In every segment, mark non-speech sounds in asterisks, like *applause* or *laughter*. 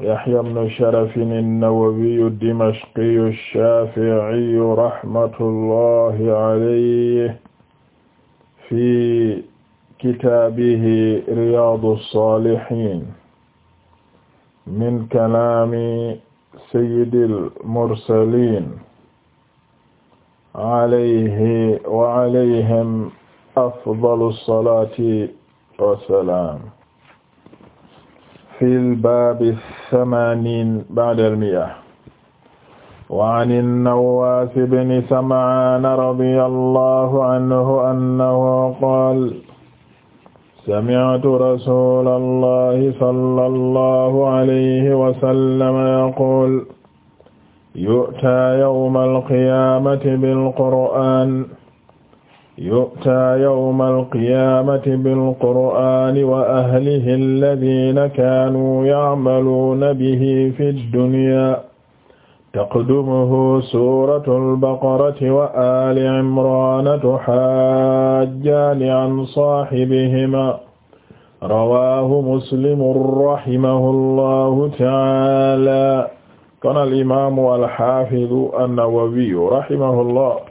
يحيى بن شرف النووي الدمشقي الشافعي رحمة الله عليه في كتابه رياض الصالحين من كلام سيد المرسلين عليه وعليهم أفضل الصلاة والسلام fil baabi samaaniin ba'dal mi'a wa 'ani an-Nawwaas ibn Sam'aan radiyallahu anhu annahu qaala sami'tu rasuulallahi sallallahu alayhi wa sallam yaquulu yu'taa yawmal qiyaamati bil qur'aan yu'taa yawmal qiyaamati bil qur'aani wa ahlihi allaziina kaanuu ya'maluuna bihi fid dunyaa taqdumuhu suuratul baqarati wa aali imraana tuhajjaani an saahibihimaa rawaahu muslimun rahimahullahu ta'aalaa kon al imaamu al haafidu an-nawawiyu rahimahullah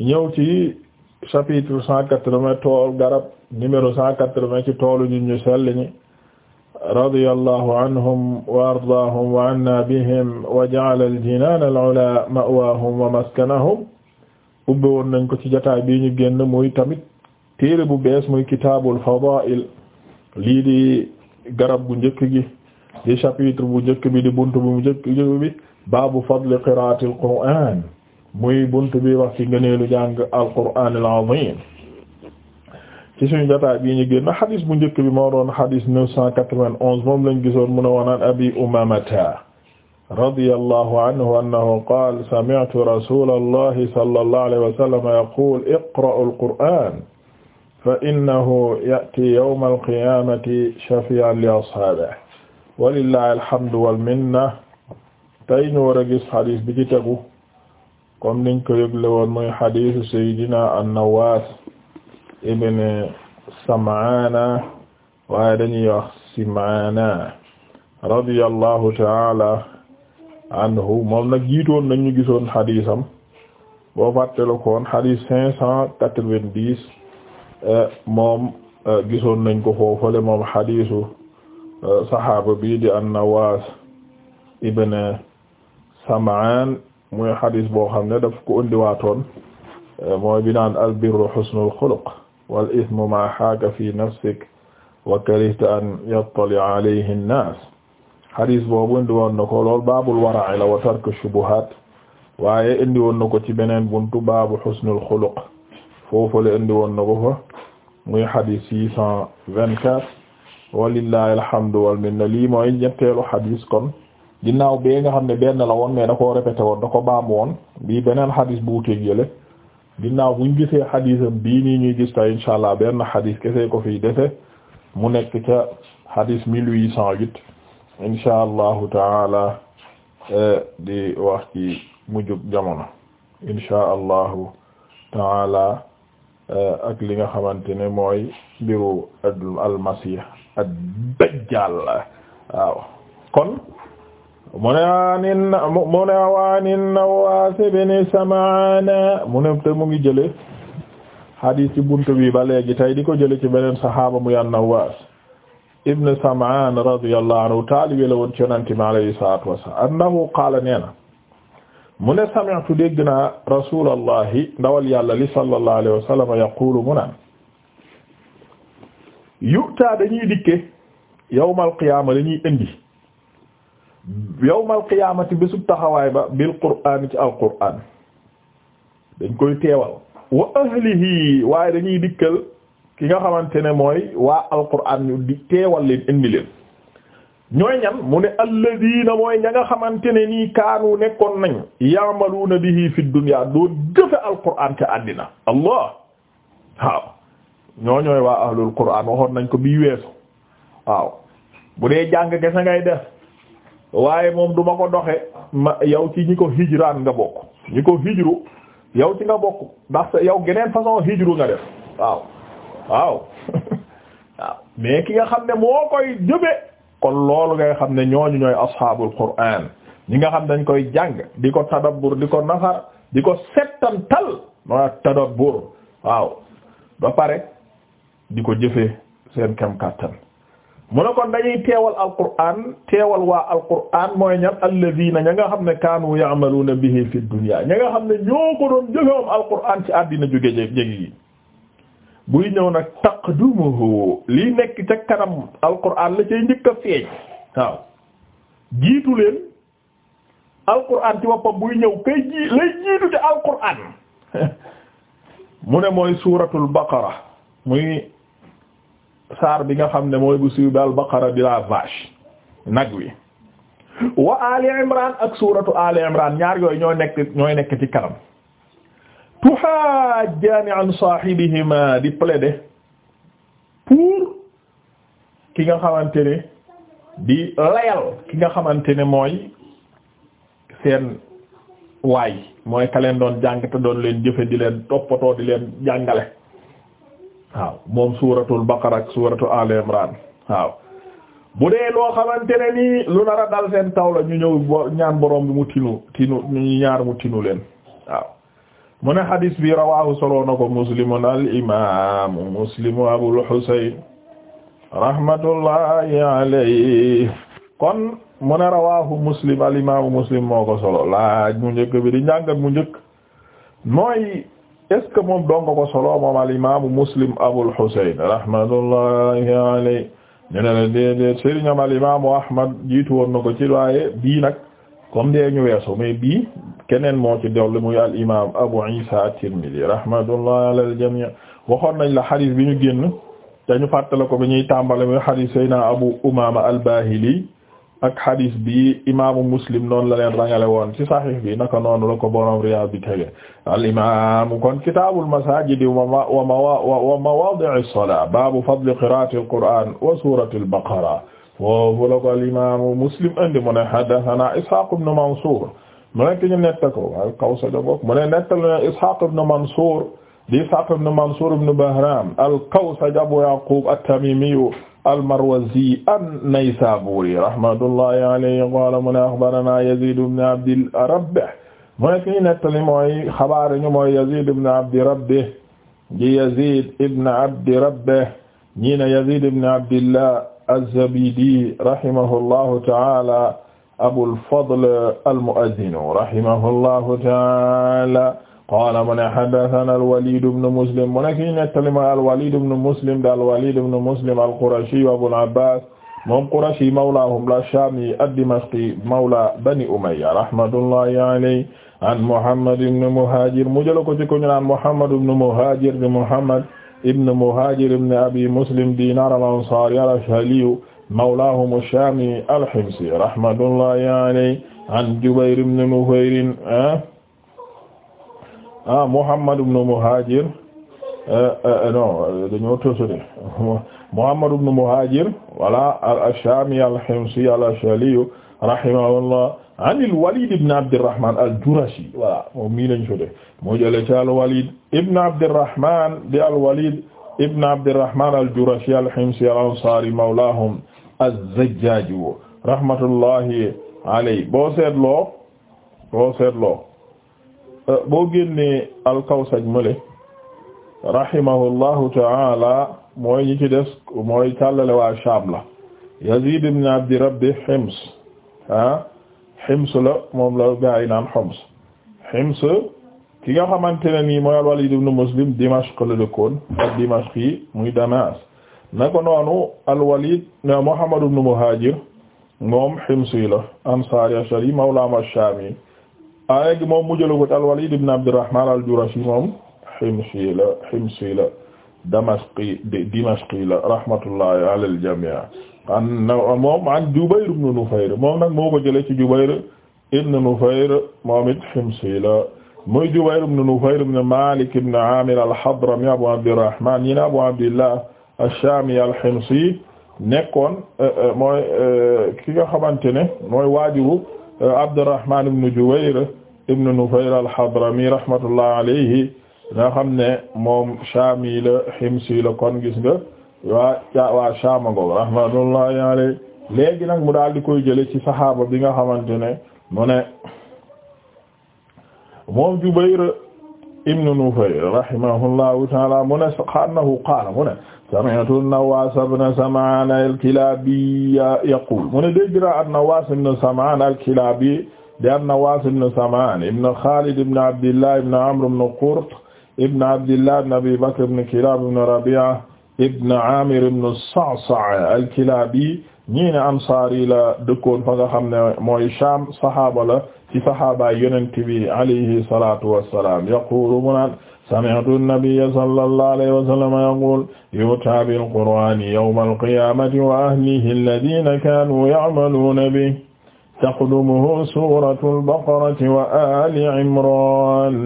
ñëw ci chapitre cent quatre-vingts tool garab numéro cent quatre-vingts ci toolu ñu ñu sell ñi radiyallahu anhum wa ardaahum wa anna bihim wa ja'ala al-jinaan al-'ulaa ma'waahum wa maskanahum ubbe woon nañ ko ci jotaay bi ñu génn muy tamit téere bu bees muy kitaabul fadaa'il lii di garab gu njëkk gi di chapitre bu njëkk bi di buntu bu njëkk bi baabu fadli qiraa'atil qur'aan muy bunt bi wax ci ngëneelu jàng alquraan al-aziim ci suñu jotaay bii ñu génn xadis bu njëkk bi moo doon xadis neuf cent quatre-vingt-onze moom lañ gisoon mu ne woonaan abi umamata radiyallahu anhu annahu qaala sami'tu rasuulallahi sallallahu alayhi wa sallam yaquulu iqra'u al-qur'aan fa innahu ya'ti yawma al-qiyaamati shafii'an li ashaabihi wa lillahi alhamdu wal minna tey ñu war a gis xadis bi ci tegu comme niñ ko yëgle woon mooy xadiisu Seydina an-Nawaas ibn Sam'aana waaye dañuy wax Simaana radiyallahu ta'ala anhu moom nag jiitoon nañu gisoon xadiisam boo fàttele koon xadiis cinq cent quatre-vingt-dix eh, moom eh, gisoon nañ ko foofale moom xadiisu eh, saxaaba bii di an-Nawaas ibn Sam'aan muy xadis boo xam ne daf ko indiwaatoon mooy bi naan al birru xusnul xuluq wal ismu ma xaaka fi nafsik wa karihta an yattali alayhi nnaas xadis boobu indi woon na ko lool baabul wara'i la wa tarku shubuhaat waaye indi woon na ko ci beneen buntu baabu xusnul xuluq foofu la indi woon na ko fa muy xadis six cent vingt-quatre walillahi alhamdu wal minna lii mooy ñetteelu xadis kon ginnaaw bee nga xam ne benn la woon mais da koo répété woon da ko baam woon bii beneen xadis bu wuteeg ginnaaw buñ gisee xadisam bii nii ñuy gis tay insha allah benn xadis kese ko fiy dese mu nekk ca xadis mille huit cent huit insha allahu taala eh, di wax ci mujjug jamono insha allahu taala eh, ak li nga xamante ne mooy mbiru al masih dajjal waaw kon mu ne waanin mu ne waanin te mu ngi jële hadis ci buntu bi ba léegi tey di ko jële ci beneen saxaaba mu yan Nawaas ibn Samaan radiyallahu anhu taalibe la woon ci Yonent mi alayhi salaatu wassalaam annahu qaala nee na mu ne sami'tu dégg naa Rasuulallahi yàlla li sallallahu alayhi wa sallam yaqulu mu dikke yawmal qiyaama dañuy indi yawmal qiyaamati bésub taxawaay ba bil qur'aan ci al qur'aan dañ koy teewal wa ahlihi waaye dañuy dikkal ki nga xamante ne mooy waa al qur'aan ñu di teewal leen indi leen ñooy ñan mu ne alladina mooy ña nga xamante ne nii kaanu nekkoon nañ yaamaluuna bihi fi dunya doon jëfe al qur'aan ca àddina allah waaw ñoo ñooy waa ahlul qur'aan waxoon nañ ko bii weesu waaw bu dee jàng kese ngay def waaye moom duma ko doxe ma yow ci ñi ko hijraan nga bokk ñi ko hijru yow ci nga bokk ndax sa yow geneen façon hijru nga def waaw waaw *laughs* mais ki nga xam ne moo koy jëbe kon loolu ngay xam ne ñooñu ñooy ashaabul qur'aan ñi nga xam dañ koy jàng di ko tadabbur di ko nafar di ko settantal ma tadabbur waaw ba pare di ko jëfe seen kem kàttan mu ne kon dañuy teewal alqur'aan teewal waa alqur'aan mooy ñan alladina ña nga xam ne kaanu ya'maluna bihi fi dunya ña nga xam ne ñoo ko doon jëfewam alqur'aan ci àddina jóge jég yi buy ñëw nag taqdumuhu lii nekk ca kanam alqur'aan la cay njëkk a feeñ waaw jiitu leen alqur'aan ci boppam buy ñëw kay ji lay jiitu ci alqur'aan *laughs* mu ne mooy suuratul baqara muy saar bi nga xam ne mooy bu siiw bi al-Baqara la vache nag wi wa Ali Imran ak suuratu Ali Imran ñaar yooyu ñoo nekk ñooy nekk ci kanam tuhajjani an sahibihima di plaider pour ki nga xamante ne di layal ki nga xamante ne mooy seen waay mooy ka leen doon jàng te doon leen jëfe di leen toppatoo di leen jàngale waaw moom suuratul baqara ak suuratu al imran waaw bu dee loo xamante nii lu nar a seen taw ñu ñëw ñaan borom bi mu tinu tinu ñu ñaar mu tinu leen waaw mu ne hadis bi rawahu soloo na ko muslimun al imam muslimu abul husayn rahmatullahi alayhi kon mu ne rawahu muslim al imam muslim moo ko solo laaj mu njëkk bi di njàngat mu njëkk mooy est que moom doon nga ko solo am al imaamu muslim Abul Husayn rahmatullahi alayhi ñu ne la déedéet sëriñam al imaamu Ahmad jiitu woon na ko ci waaye bii nag comme dee ñu weesu mais bii keneen moo ci dolli muy al imaam Abu Isa at-Tirmidhi rahmatullahi ala al jamii waxoon nañ la xadis bi ñu génn dañu fàttale ko bi ñuy tàmbale muy xadis Seydina Abu Umaama al-Bahili ak hadis bi imaamu muslim noonu la leen rangale woon ci sahih bi naka noonu la ko borom Riyad bi tege al imam kon kitaabul masaajid wa ma wa ma wa mawaadi'is salaa baabu fadli qiraa'atil qur'aan wa suuratil baqara foofu la ko al imaamu muslim indi mu ne haddasanaa Ishaaq ibn Mansuur mu nekk ñu netta ko waaye kaw sa jogok mu ne netta la Ishaaq ibn Mansuur di Sa'd ibn Mansur ibn Bahram al-Kawsaj Abu Yaqub at-Tamimi al-Marwazi an-Naysaburi rahmatullahi alayhi qala mu ne akhbarana Yazid ibn Abd Rabbih mooy ki nettali mooy xabaar ñu mooy Yazid ibn Abd Rabbih di Yazid ibn Abd Rabbih ñi ne Yazid ibn Abdillah az-Zabidi rahimahullahu ta'ala Abul Fadl al-Mu'adhdhin rahimahullahu ta'ala qaala mu ne haddathana al-Walid ibn Muslim mu ne kii nettali ma al-Walid ibn Muslim da al-Walid ibn Muslim al-Qurashi Abul Abbas moom Qurashi mawlaahum al-Shaami ad-Dimashqi mawla Bani Umayya rahmatullahi alayhi an Muhammad ibn Muhaajir mu jël ko ci ko ñu naan Muhammad ibn Muhaajir di Muhammad ibn Muhaajir ibn Abi Muslim Diinaar al-Ansaari al-Ashhali mawlaahum ash-Shaami al-Himsi rahmatullahi alayhi an Jubayr ibn Nufayr ah, ah Muhammad ibn Muhajir eh, eh, eh, non dañoo tësale *laughs* Muhammad ibn Muhajir voilà al-Shami al-Himsi al-Ashali rahimahullah an al-Walid ibn Abdirrahman al-Jurashi voilà moom mii lañ sodee moo jëlee ci al-Walid ibn Abdirrahman di al-Walid ibn Abdirrahman al-Jurashi al-Himsi al-Ansari mawlahum az-Zajjaj rahmatullahi alayhi boo seetloo boo seetloo boo génnee al-Kawsaj male rahimahullahu ta'ala mooy ñi ci des mooy càllale waa Shaam la Yazid Abdi Rabbi Hims ah Hims la moom la gaa yi naan Hims Hims ki nga xamante ne nii mooy al-Walid ibn Muslim Dimashq la dëkkoon ak Dimashq yi muy Damas na ko noonu al-Walid Muhajir moom Hims yi Ashari mawlaam ash léegi moom mu jëloon ko al-Walid ibn Abdurrahman al-Jurashi moom Himsi la Himsi la Damashqi Dimashqi la rahmatullahi ala al-jami' anna moom an Jubayr ibn Nufayr moom nag moo ko jëlee ci Jubayr ibn Nufayr moom it Himsi la muy Jubayr ibn Nufayr ibn Malik ibn Amir al-Hadrami Abu Abdurrahman ñi Abu Abdillah ash-Shami al-Himsi nekkoon eh, eh, mooy eh, ki nga xamante ne mooy waajuru Abdurrahman ibn Jubayr ibn Nufayl al-Hadrami rahmatullah alayhi nga xam ne moom Shaami la Himsi la kon gis nga waa waa Shaama a rahmatullahi alayhi léegi nag mu daal di koy jële ci saxaaba bi nga xamante ne mu ne ibn Nufayl rahimahullahu ta'ala mu ne mu ne sami'tu an-Nawwaas ibn Sam'aan al-Kilaabi yaqul mu ne dégg naa an-Nawwaas ibn Sam'aan al-Kilaabi di an-Nawaas ibn Samaan ibn Xaalid ibn Abdillah ibn Amr ibn Qurt ibn Abdillah ibn Abi Bakr ibn Kilaab ibn Rabi'a ibn Aamir ibn Sa'sa'a al-Kilaabi ñii ne Ansaari la dëkkoon fa nga xam ne mooy Shaam saxaaba la ci saxaaba Yonent bi alayhi salaatu wa salaam yaquulu mu naan sami'tu an-nabiyya sallallahu alayhi wa sallam yaquulu yu'taa bil-Qur'aani yawma al-qiyaamati wa ahlihi alladhiina kaanuu ya'maluuna bihi taqdumuhu suuratul baqarati wa aali imraan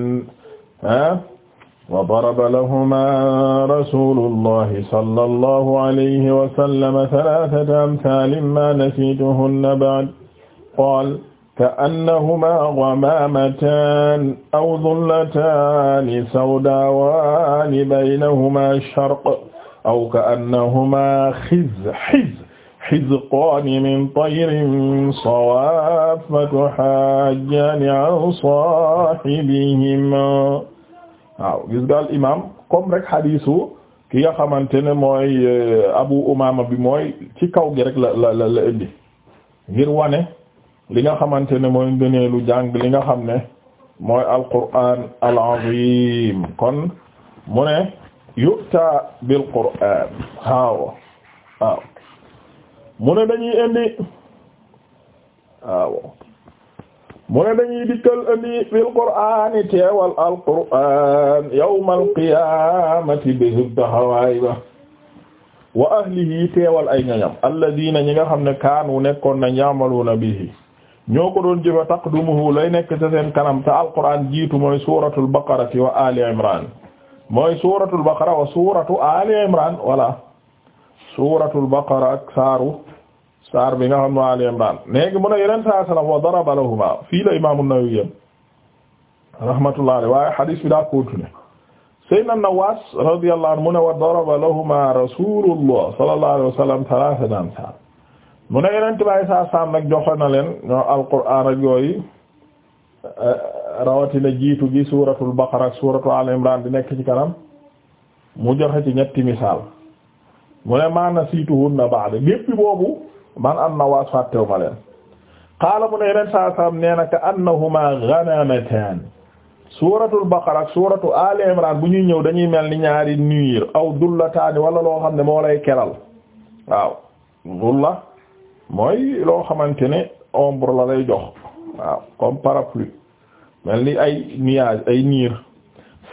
wa daraba lahumaa rasuulullahi sallallahu alayhi wa sallam salaasata amsaalin maa nasiituhunna ba'd qaala ka'annahumaa ghamaamataan aw dhullataani sawdaawaani baynahumaa sharq aw ka'annahumaa xizxi xizqaani min tayrin sawaaffa tuhajjaani an saahibihimaa waaw gis daal imaam comme rek xadiisu ki nga xamante ne mooy eh, Abu Umaama bi mooy ci kaw gi rek la la la la indi ngir wane li nga xamante ne mooy lu jàng li nga xam ne mooy Alqur'aan al-aziim kon mu ne yu'taa bil-Qur'aan waaw mu ne dañuy indi waaw mu ne dañuy dikkal indi fil qur'aani teewal al qur'aan yawmal qiyaamati bésub taxawaay wa ahlihi teewal ay ñoñam alladina ñi nga xam ne kaanu nekkoon na ñaamaluuna bihi ñoo ko doon jëfa taqdumuhu lay nekk te kanam te alqur'aan jiitu mooy suuratul baqarati wa ali imran mooy suuratul baqara wa suuratu ali imran wala suuratul baqara ak saaru saar bi nga xam ne Ali Imran léegi mu ne yeneen saa salaam wa daraba lahuma fii la Imaam An-Nawawi yem rahmatullahi alayhi waaye hadis bi daa continué Sayyidina Nawaas radiyallahu anhu mu ne wa mu ne yeneen tubaab saa saam nag joxe na leen ñoo Alquraan rawatina jiitu gi suuratul baqara ak suuratu Ali Imran di nekk ci kanam mu joxe ci ñetti misaal. mu ne maana siituhun na baax de gépp boobu man am na waas fàttew ma leen xaala mu ne yeneen na ka annahuma ghanamatan suuratul baqara ak suuratu al imran bu ñuy ñëw dañuy mel ni ñaari niir aw dullataani wala loo xam ne moo lay keral waaw dulla mooy loo xamante ne ombre la lay jox waaw comme parapluie mel ni ay nuage ay niir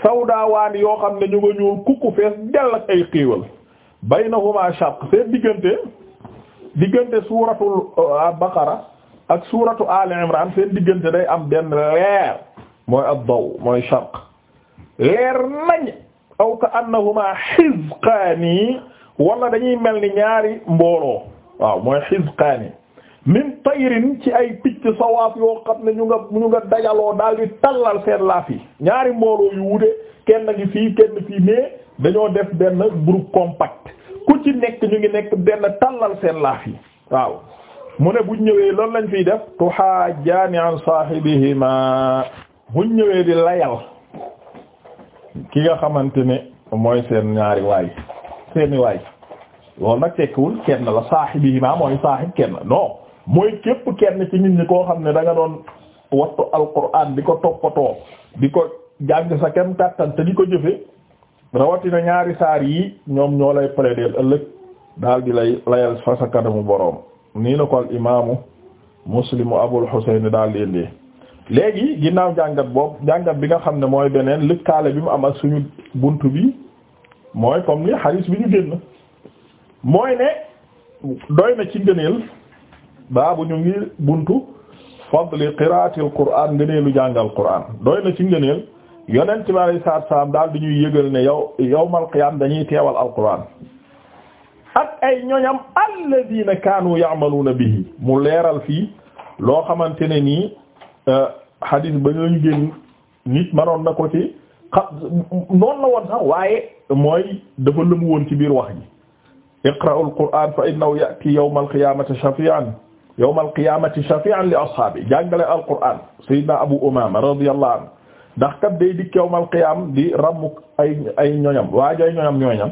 sawdaawaani yoo xam ne ñu nga ñuul kukku fees dell ay xéewal baynahuma shaq seen diggante diggante suuratul euh, baqara ak suuratu al imran seen diggante day am benn leer mooy ad-daw mooy shaq leer nañ aw ka annahuma xizqaani wala dañuy mel ni ñaari mbooloo waaw mooy xizqaani min tayrin ci ay picc sawaaf yoo xam ne ñu nga ñu nga dajaloo daal di tallal seen laaf ñaari mbooloo yu wute kenn ngi fii kenn fii mais dañoo def benn group compact ku ci nekk ñu ngi nekk benn tallal seen laaf yi waaw mu ne buñ ñëwee loolu lañ fiy def tuhajjani an sahibihima buñ ñëwee di layal ki nga xamante ne mooy seen ñaari waay seeni waay loolu nag tekkiwul kenn la sahibihima mooy sahib kenn non mooy képp kenn ci nit ñi koo xam ne da nga doon wattu alquran di ko toppatoo di ko jàng sa kem kàttan te di ko jëfe rawatina ñaari saar yi ñoom ñoo lay plaider ëllëg daal di lay layal fa sa kanamu boroom nii la ko al imaamu muslimu abul husayn daal di léegi ginnaaw jàngat boobu jàngat bi nga xam ne mooy beneen lëkkaale bi mu am ak suñu bunt bi mooy comme ni xadiis bi ñu génn mooy ne doy na ci ngëneel baabu ñu ngi buntu fadli qiraatil quraan ngëneelu jàngal quraan doy na ci ngëneel yonent bi alayhi salaatu salaam daal di ñuy yëgal ne yow yawmal qiyaam dañuy teewal alquran ak ay ñoñam alladina kaanu ya'maluuna bi mu leeral fii loo xamante ne nii euh, hadith ba ñu génn nit manoon na ko ci xa noonu woon waaye mooy dafa lëmu woon ci biir wax ji iqra'ul qur'aan fa innahu ya'ti yawmal qiyaamati shafi'an yawmal qiyaamati shafi'an li ashaabi jàngale alquran sayyidina abu umaama radiyallahu anhu ndax kat day dikk yawmal qiyaam di ramuk ay ay ñoñam waaj ay ñoñam ñoñam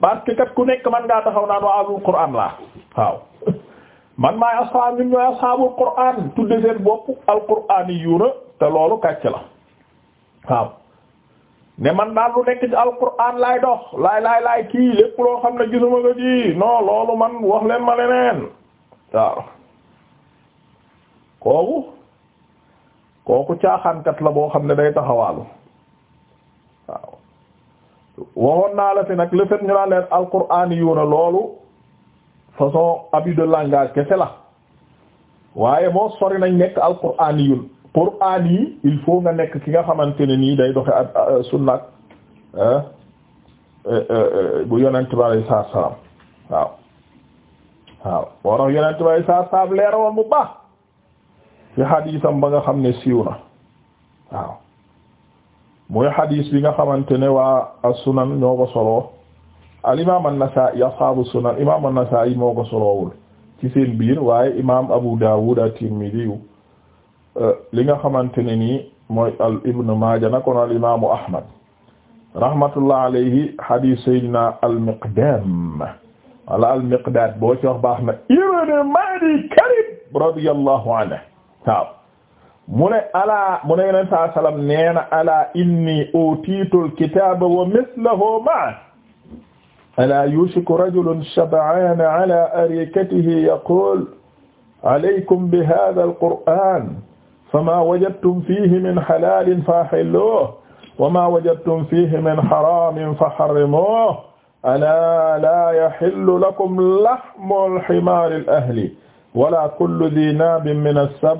parce kat ku nekk man ngaa taxaw naan waa ahlul quraan laa waaw *laughs* man maay asxaab ñun ñooy asxaabul quraan tudde seen bopp al quraan yuuna te loolu kàcc la waaw ne man daal lu nekk ci alquran laay dox laay laay laay kii lépp loo xam na gisuma nga ji non loolu man wax leen ma leneen waaw kooku kooku caaxaankat la boo xam ne day taxawaalu waaw waxoon naa la fi nag le fait ñu naan leen alquraan yu na loolu façon abus de langage kese la waaye moo sori nañ nekk alquraan yun quraan yi il faut nga nekk ki nga xamante ne nii day doxe ak euh, sunnaak euh, euh, bu yonent bi alay salaam waaw waaw moo tax yonent bi alay salaam leer woon bu baax ci xadiisam ba nga xam ne siiw na waaw muy xadiis bi nga xamante ne waa as-sunan ñoo ko soloo al imaam an-Nasaa'i sunan imaam an-Nasaa'i moo ko soloowul ci biir waaye imaam Abu Daawud at-Tirmidhi euh, li nga xamante ne nii mooy al ibnu Maaja nakon al imaamu Ahmad rahmatullah alayhi xadiis sayyidina al-Miqdaam wala al-Miqdaad boo ci wax baax na ibnu Maadi Karib radiyallahu anhu waaw mu ne alaa mu ne yeneen saa salaam nee na alaa inni utiitul kitaaba wa mislahu ma'a alaa yushiku rajulun shab'aan alaa arikatihi yaqul alaykum bi haadha alqur'aan famaa wajadtum fiihi min halaalin fahilluuhu wa maa wajadtum fiihi min haraamin faharrimuuhu alaa laa yahillu lakum lahmul himaaril ahli wala kullu di naabin min as-sab'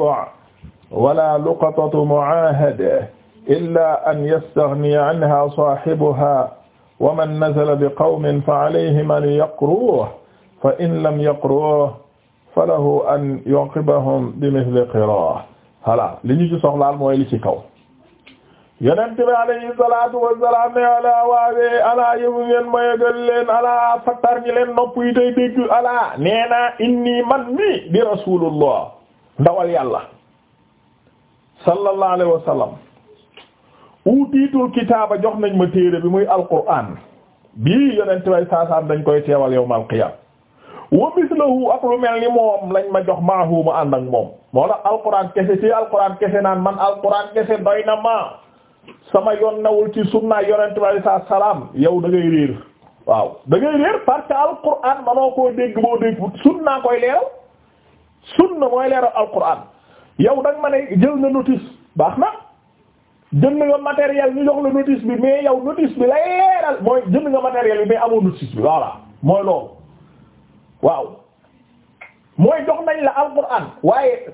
wala luqatatu mu'aahad illa an yastaghniya anha saahibuha wa man nazala bi qawmin fa alayhim an yaqruuhu fa in lam yaqruuhu falahu an yu'aqibahum bi mithli qiraah voilà li ñu ci soxlaal mooy li ci kaw. yonent bi alayhi salaatu wassalaam ne alaa waawee alaa yëgu ngeen ma leen alaa fattar leen nopp yi tey dégg alaa nee naa inni man mi di rasulullah ndawal yàlla sallallahu wa sallam utiitul kitaaba jox nañ ma téere bi muy alquraan bii yonent way saasaan dañ koy teewal yawmal qiyaam wa mislahu ak lu mel ni moom lañ ma jox maahu ànd ak moom moo tax alquraan kese ci alquraan kese naan man alquraan kese doy na ma sama yoon nawul ci sunna yonent bi alayhi salaatu salaam yow da ngay réer waaw da ngay réer parce que alquran manoo koo dégg boo dégg sunna koy leeral sunna mooy leeral alquran yow da nga ma ne jël nga notice baax na jën nga matériel ñu jox la notice bi mais yow notice bi lay leeral mooy jënd nga matériel bi mais amoo notice bi voilà mooy loolu waaw mooy jox nañ la alquran waaye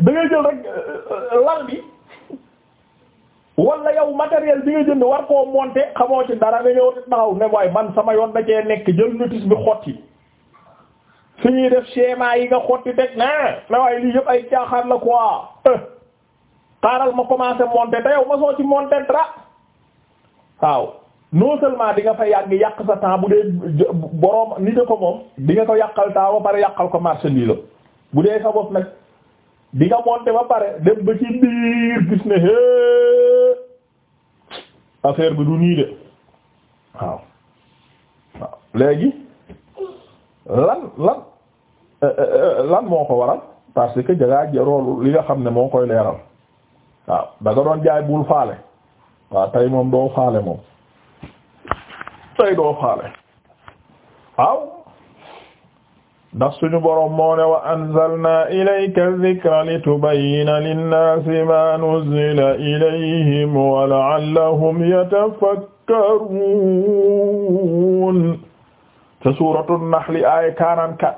da ngay jël rek euh, euh, lal bi. wala yow matériel bi nga jënd war koo monter xamoo ci dara nga waaye man sama yoon da cee nekk jël notice bi xotti fi ñuy def schéma yi nga xotti teg na ne waaye lii yëpp ay caaxaan la quoi eh, xaaral ma commencé monter te yow ma soo ci monter dara waaw non seulement di nga fa yàgg yàq sa temps bu dee boroom nit a ko moom di nga ko yàqal temps ba pare yàqal ko marché lii la bu dee sa bopp nag di ba pare dem ba ci biir gis ne hee. affaire bi du nii de waaw waaw léegi lan lan euh, euh, euh, lan moo ko waral parce que jagaa jaroolu li nga xam ne moo koy leeral waaw da nga doon jaay bul faale waaw tey moom doo faale moom tey doo faale waaw ndax suñu boroom moo ne wa anzalna ilayka dhikra litubayyina linnaasi ma nuzzila ilayhim wa la'allahum yatafakkaruun te suuratu naxli aaya 44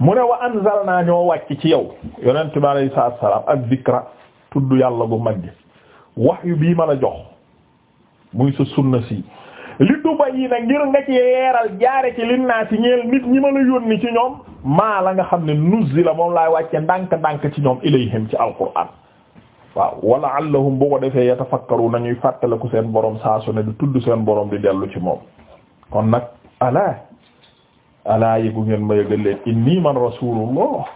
mu ne wa anzalna ñoo wàcc ci yow yonent bi alayhi salaatu wa salaam ak dhikra tudd yàlla bu mag wax yu bii ma la jox muy sa sunna si li tuba yi na ngir nga ci yeeral jaare ci lin naa ci ñeel nit ñi ma a yónni ci ñoom maa la nga xam ne nuzzi la moom laa wàcce ndànk-ndànk ci ñoom ilayhim ci alquran waaw wala allahum bu ko defee yatafakkaru nañuy fàttaliku seen borom saa su ne di tudd seen borom di dellu ci moom kon nag alaa alaa yëgu ngeen ma yëgal leen inni man rasulullah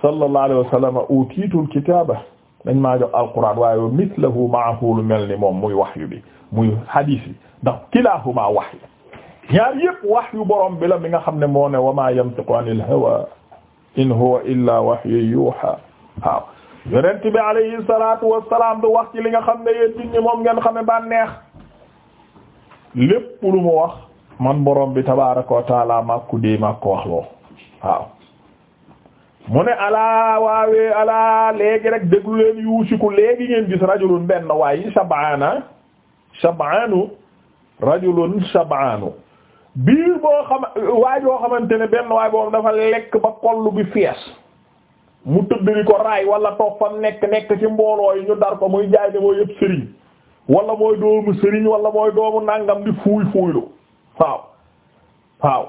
sallallahu alayhi wa sallam utiitul kitaaba dañ maa jox alquran waaye mislahu maahu lu mel ni moom muy wahyu bi muy hadith yi ndax kilaahumaa wahyu ñaar yëpp wahyu borom bi la mi nga xam ne moo ne wa maa yantiqu anil hawa in huwa illaa wahyun yuuhaa waaw yonent bi alayhi salaatu wassalaam du wax ci li nga xam ne yéen nit ñi moom ngeen xame ba neex lépp lu mu wax man borom bi tabaaraka wa taala maa ko dee maa ko wax loo waaw mu ne alaa waawee alaa léegi rek déglu leen yuusiku léegi ngeen gis rajulun benn waaye sabaana sabaanu rajulun sabaanu biir boo xam waay boo xamante ne benn waay boobu dafa lekk ba kollu bi fees mu tëdd di ko raay wala toog fam nekk nekk ci mbooloo yi ñu dar ko muy jaay ne mooy yëpp sëriñ wala mooy doomu sëriñ wala mooy doomu nàngam di fuuy fuuylu waaw waaw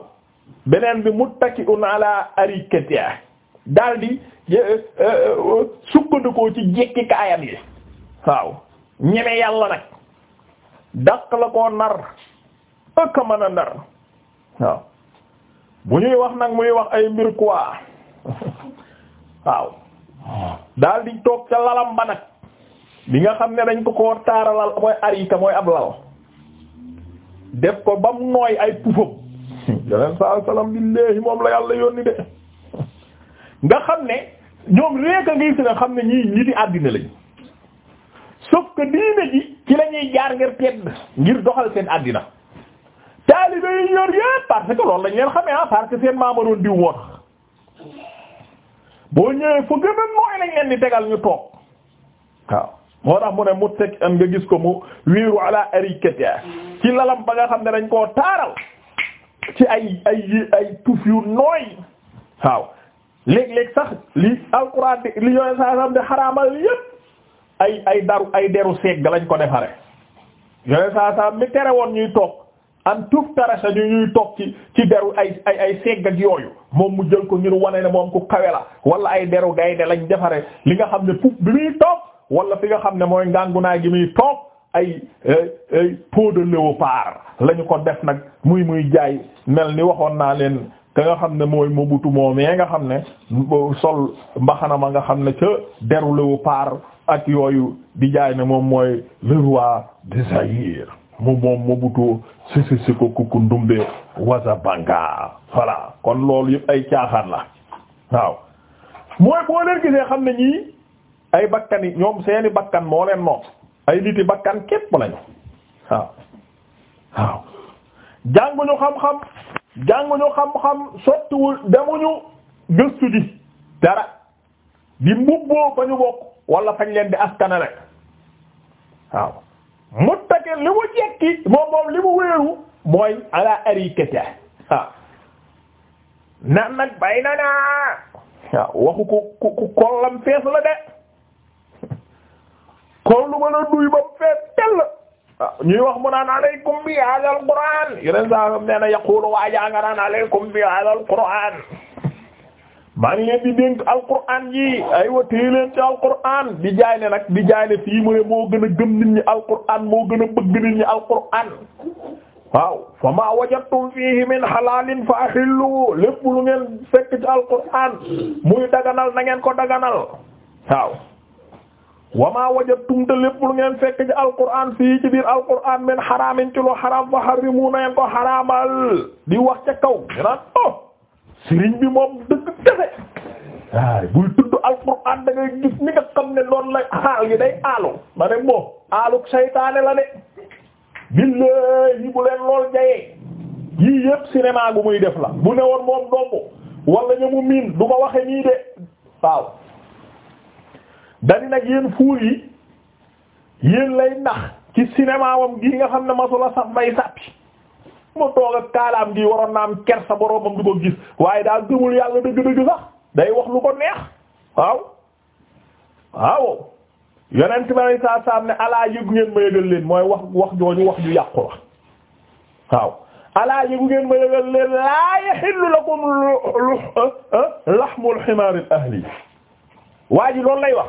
beneen bi muttaki'un ala arikatihi daldi eh, eh, eh, sukkandikoo ci jekki kaayam yi waaw ñeme yàlla nag daq la koo nar ëkk mën a nar waaw bu ñuy wax nag muy wax ay mbir quoi *laughs* waaw daldi toog ca lalam ba nag bi nga xam ne dañ ko ko taaralal mooy arita mooy ab lal def ko ba mu nooy ay pufam yeneen saa salaam billaahi moom la yàlla yónni de nga xam ne ñoom léegi a ngay si nga xam ne ñii ñi di àddina lañ sauf que diine ji ci la ñuy jaar ngir tedd ngir doxal seen àddina taalibe yi yor yépp parce que loolu lañ leen xamee ah seen maama doon diw woon boo ñëwee fu gën nooy lañ leen di tegal ñu toog waaw moo tax mu ne mu teg nga gis ko mu wiiru ala arikata ci lalam nga xam ne dañ koo taaral ci ay ay ay tuf yu nooy waaw léegi léeg sax li alxuraan di li yooyu saa saam di xaraamal yépp ay ay daru ay deru segg lañ ko defare yooyu mi tere woon ñuy toog am ñu ñuy toog ci ci deru ay ay ay segg moom mu jël ko ngir wane ne moom ku kawe la wala ay deru gaynde lañ defare li nga xam ne puuf bi muy toog wala fi nga xam ne mooy ngàngunaay gi muy toog ay ay peau lañu ko def nag muy muy jaay mel ni waxoon naa leen ka nga xam ne mooy Mobutu moomee nga xam ne sol mbaxana ma nga xam ne ca deru léopard ak yooyu di jaay ne moom mooy le roi de Zaïre moom moom Mobutu Sese Seko Kuku Ndumbe Wazabanga voilà kon loolu yëpp ay caaxaan la waaw mooy boo leen gisee xam ne ñii ay bakkan yi ñoom seeni bakkan moo leen moom ay niti bakkan képp lañu waaw waaw jànguñu xam-xam jànguñu xam-xam sottiwul demuñu gëstu ji dara di mbubboo fa ñu bokk wala fañ leen di askanale waaw muttakin li mu jekki moom moom li mu wéeru mooy ala arikata waaw nan nag bay na naa waaw waxu ku ku ku kollam fees la de *laughs* kollu ma la duy ba fees tell ñuy wax mu naan aleykum bi hadal qur'an yeneen saa nee na yaqulu waajaa nga naan aleykum bi hadal qur'an maa ngi leen di dénk alqur'an ji aywa téye leen ci alqur'an di jaay ne nag di jaay ne mu ne moo gën a gëm nit ñi alqur'an moo gën a bëgg nit ñi alqur'an waaw fa ma wajadtum fihi min halalin fa ahillu lépp lu ngeen fekk ci muy daganal na ngeen ko daganal waaw wamaa wajadtum te lépp lu ngeen fekk ci alquran fii ci biir alquran min xaraamin ci lu xaraam fa harrimu na ngeen ko xaraamal di wax ca kaw ñu naan oh bi moom dëgg defe waay buy tudd alquran da ngay gis ni nga xam ne noonu la xaal yi day aalu ma ne moom aaluk saytaane la de billahi bu leen lool jayee yii yëpp cinéma gu muy def la bu ne woon moom domb wala ñu miin du waxe nii de waaw dani nag yéen fuur yi yéen lay nax ci cinéma wam gi nga xam ne masula sax may sàppi ma toog ak kaalaam gi waroon na am kersa boroomam du ko gis waaye daal gëmul yàlla dëgg-dëgg sax day wax lu ko neex waaw waaw yonent bi alay saa salaam ne alaa yëgu ngeen ma yëgal leen mooy wax wax jooju wax ju yàqu la waaw alaa yëgu ngeen ma yëgal leen laa yahillu lakum eh, eh, lahmul himaar al ahli waa ji loolu lay wax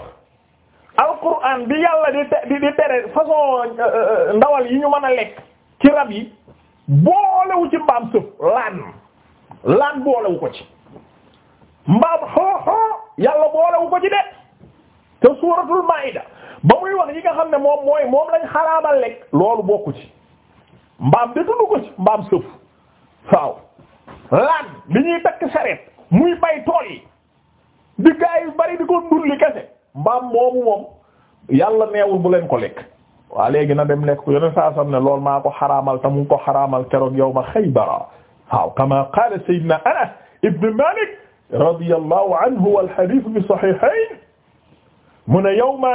alquran bi yàlla di di di tere façon euh, euh, ndawal yi ñu mën a lekk ci rab yi boolewu ci mbaam sëf laan laan boolewu ko ci mbaam xooxoo yàlla boolewu ko ci de te suuratul maida ba muy wax yi nga xam ne moom mooy moom lañ xaraamal lekk loolu bokku ci mbaam de tudd ko ci mbaam sëf waaw laan bi ñuy takk sareet muy bay tool yi di gaa yu bari di ko dulli kese mbaam moomu moom yàlla neewul bu leen ko lekk waa léegi na dem lekk ko yoneen saa sam ne loolu maa ko xaraamal te mu ngi ko xaraamal keroog yawma Xaybara waaw kama qaala sayyidina Anas ibn Malik radiyallahu anhu wal hadiis bi sahihayn mu ne yawma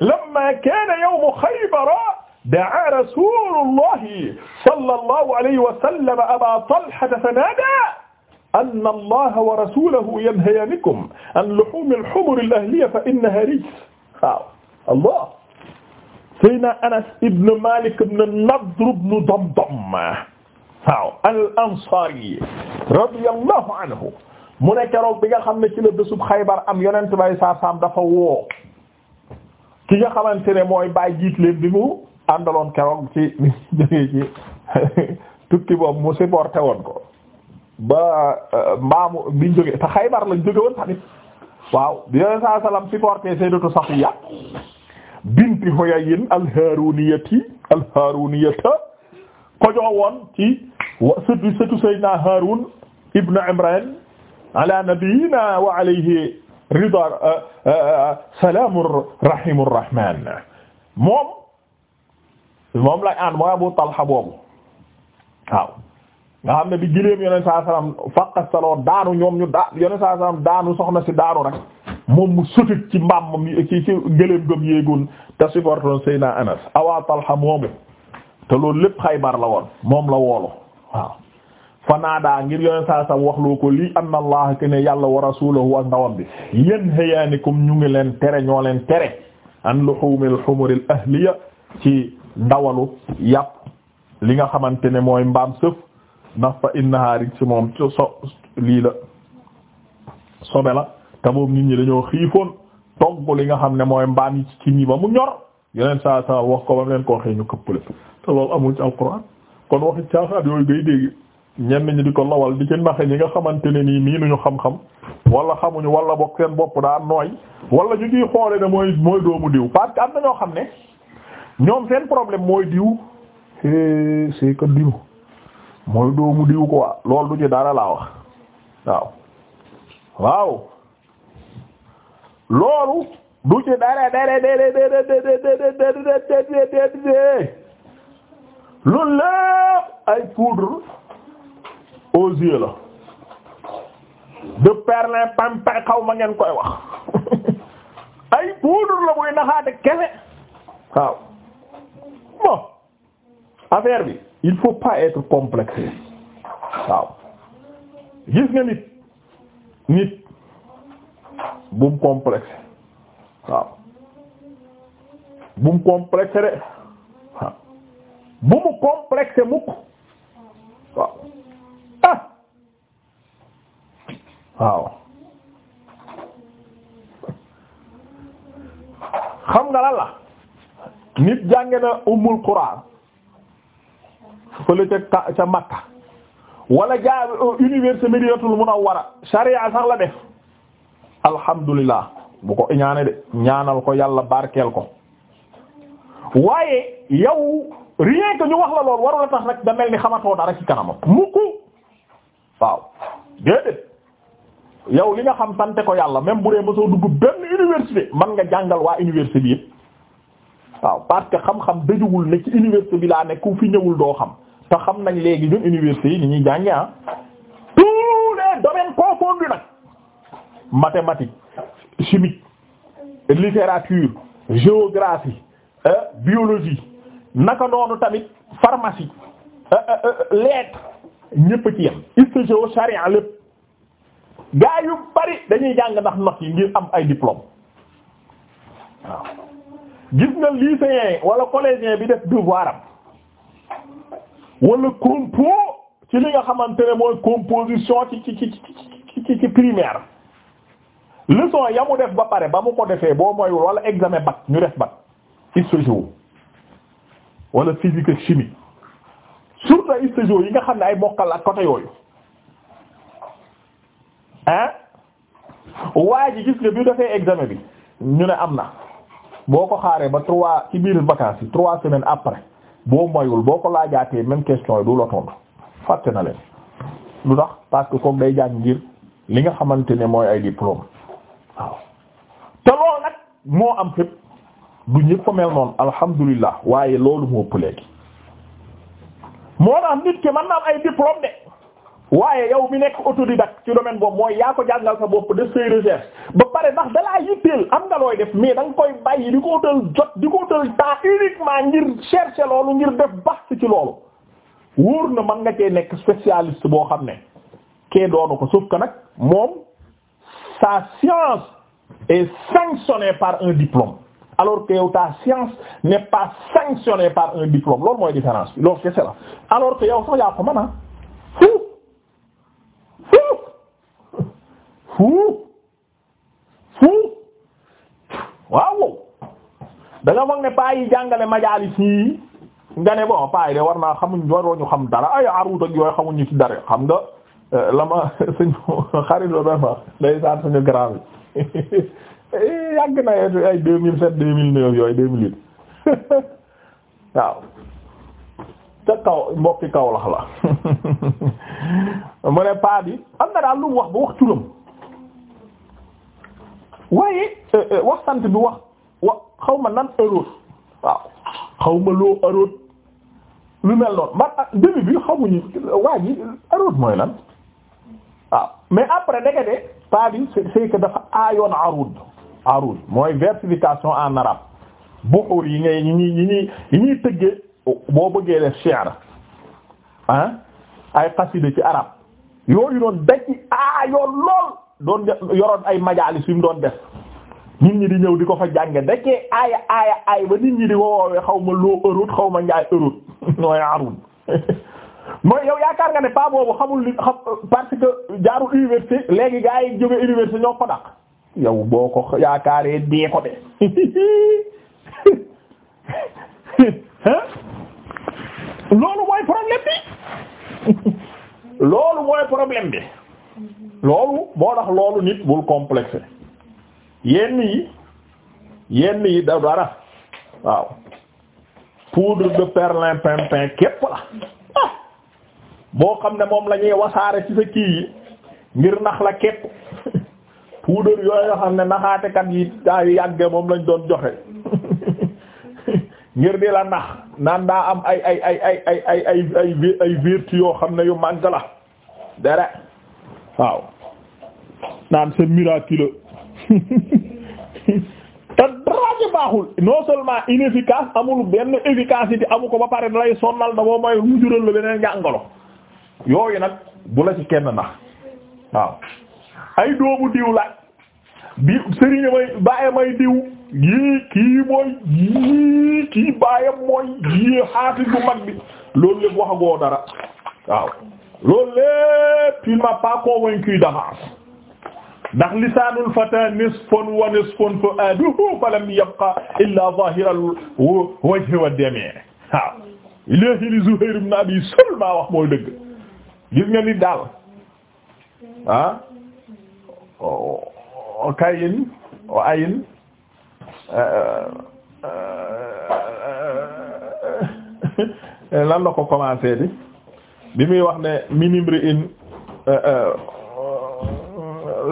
lamma kaana yawmu Xaybara da'a rasuulullahi sallallahu alayhi wa sallam Abaa Talha fanaadaa anna allaha wa rasulahu yanhayaanikum an luhum al-humur al-ahliya fa innaha rijs waaw allah sayyidina anas ibn malik ibn nadr ibn damdam waaw al-ansari radiyallahu anhu mu ne keroog bi nga xam ne ci la bésub xaybar am yonent bay saa saam dafa woo ki nga xamante ne mooy bàyyi jiit leen bi mu àndaloon keroog ci jógee ci *laughs* tukki boobu mu supporté woon ko ba euh, maamu biñ jóge te Xaybar lañ jóge woon tamit waaw bi yoneen saa sallam supporté Sayyidatu Safiya binti Huyayyin al-Haruniyati al-Haruniyata ko jox woon ci sëtu sëtu Harun ibn Imran ala nabiyyina wa alayhi rida euh, euh, salaamur rahiimur rahmaan moom moom lay ànd mooy Abu nga xam ne bi giléem yoneen saa salaam daanu ñoom ñu daa daanu soxna si daanu rek moom mu sutit ci mbaam ci ci gëléem gëm yéegoon te supportoon Seyna Anas awaa Talha moomu te loolu lépp Xaybar la woon moom la woolu waaw fanaadaa ngir yoneen saa salaam wax loo ko lii anna Allah ke ne yàlla wa rasuulahu ak ndawam bi yéen hayaanikum ñu ngi leen tere ñoo leen tere an luhumil humuril ahliya ci ndawalu yàpp li nga xamante ne mooy mbaam sëf ndax fa innaha rijs moom so lii la sobe la te moom nit ñi dañoo xiifoon togg li nga xam ne mooy mbaam yi ci cin ba mu ñor yeneen saa saa wax ko ba mu leen ko waxee ñu këppale te loolu amul ci alquran kon waxi caaxaat yooyu ngay dégg ñenn ñi di ko lawal di ci naxe ñi nga xamante ne nii mii ñu xam-xam wala xamuñu wala bokk seen bopp daa nooy wala ñu ngi xoole ne mooy mooy doomu diw parce que am na ñoo xam ne ñoom seen problème mooy diw eh, c'est que diw mooy doomu diw ko waa loolu du ci dara laa wax waaw waaw loolu du ci dara dara dara dara dara dara loolu lépp ay poudre la de perlin pampin xaw ma ngeen koy wax ay poudre la muy naxaate kese waaw bon affaire bi il faut pas être complexé waaw gis nga nit nit bum complexé waaw bum complexé de waaw bu mu complexé mukk waaw ah waaw xam nga lan la nit jànge na fële ca ca Makka wala jaa université Madinatul Munawwara sariya sax la def alhamdulillah bu ko ñaane de ñaanal ko yàlla barkeel ko waaye yow rien ñu wax la lool warula tax rek da mel ni xamatoo dara ci kanamam mukk waaw déedéet yow li nga xam sante ko yàlla même bu dee mosoo dugg benn université man nga jàngal waa université bi yëpp waaw parce que xam-xam dëjuwul ne ci université bi laa nekk ku fi ñëwul doo xam te xam nañ léegi ñun université yi ni ñuy jànge ah tous les domaines confondus nag mathématique chimique littérature géographie euh, biologie naka noonu tamit pharmacie euh, euh, lettre ñépp ci yam histoire charia lépp gaa yu bari dañuy jàng ndax notes yi ngir am ay diplôme waaw gis nga lycéen wala collégien bi def devoir am wala compo ci li nga xamante ne mooy composition ci ci ci ci ci primaire leçon ya mu def ba pare ba mu ko defee boo mooy wala examen bac ñu def bac histoire wala physique ak chimie surtout histoire yi nga xam ne ay mokkal ak côté yooyu ah waa ji gis nga bi defee examen bi ñu ne am na. boo ko xaaree ba trois ci biir vacances trois semaines après boo mayul boo ko laajaatee même question yi du la tontu fàtte na leen lu tax parce que comme day jàng li nga xamante ne mooy ay diplôme waaw te loolu nag moo am fépp du ñëpp ko mel noonu alhamdulilah waaye loolu moo ëpp léegi moo tax nit ki mën na ay diplôme de waaye yow mi nekk autodidacte ci domaine boobu mooy yaa ko jàngal sa bopp def say recherche ba pare ndax dalaa yitteel am nga looy def mais danga koy bàyyi di ko utal jot di ko utal temps uniquement ngir chercher loolu ngir def bast ci loolu wóor na mën nga cee nekk spécialiste boo xam ne kee doonu ko sauf que nag moom sa science est sanctionnée par un diplôme alors que yow ta science n'est pas sanctionnée par un diplôme loolu mooy différence bi loolu kese la alors que yow sax fuu fuu waaw da nga foog ne paa yi jàngale majaalis yi nga ne bon paa yi de war naa xamuñ waroo ñu xam dara ay aruut ak yooyu xamuñu ci dara xam nga euh, lama ma *laughs* suñu *laughs* xarit la doon wax day saat suñu grand bi *laughs* yàgg na ay deux mille sept yooyu deux mille huit waaw ca kaw mbokki kaw lax la mu ne paa bi am na daal lu wax ba wax turam waaye euh, euh, wax sant bi wax wax xaw ma nan erreur waaw xaw ma loo erreur lu mel noonu man ah, début bi xamuñu waa ji erreur mooy lan waaw mais après dëgg de pas bi c'est dafa aayoon arud arud mooy versification en arabe buxur yi ngay yi ñuy yi ñuy yi ñuy tëggee boo bëggee def shi'r ah ay xasida ci arab yooyu noonu dañ ci aayoon lool. doon yoroon ay majaalis yu mu doon def nit ñi di ñëw di ko fa jànge dakee aaya aaya aay ba nit ñi di woowee xaw ma loo ërut xaw ma njaay ërut nooy *laughs* arun *laughs* mooy yow yaakaar nga ne pas boobu xamul li parce que jaarul université léegi gaa yi jóge université ñoo ko daq boo ko yaakaaree dee ko de *laughs* loolu mooy problème bi loolu mooy problème bi loolu boo tax loolu nit bul complexe yenn yi yenn yi da dara waaw poudre de perlimpinpin képp la ah boo xam ne moom lañuy ñuy wasaare ci sa kii yi ngir nax la képp *laughs* poudre yooyu nga xam ne naxaatekat yi daa yu yàgge moom lañ doon joxe *laughs* ngir di la nax naan daa am ay ay ay ay ay ay ay yoo xam ne yu màgg la dara waaw naan c'est miraculeux *laughs* te daraje baaxul non seulement inefficace amul benn efficacité amu ko ba pare lay sonnal da boo may wujural la beneen jàngalo yooyu nag bu la ci kenn ndax waaw ay doomu diw laaj bi sëriñ may bàyyi may diw yii kii mooy yii kii bàyyam mooy yii xaati bu mag bi loolu lépp waxagoo dara waaw loolu lépp il m'a pas convaincu d'avance ndax lisaanul fata nisfun wa nisfun fu'aduhu falam yabqa illa zahiral wajhi wa dami waaw léegi li Zuhair ibn Abi Sulma wax mooy dëgg gis nga nit daal ah kayin wa ayin lan la ko commencé di bi muy wax ne minimri in euh, euh,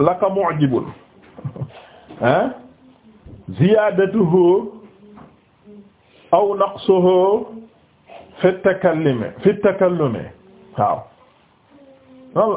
laka mu'jibun ah *laughs* ziyadatuhu aw naqsuhu fi takallumi fi takallumi waaw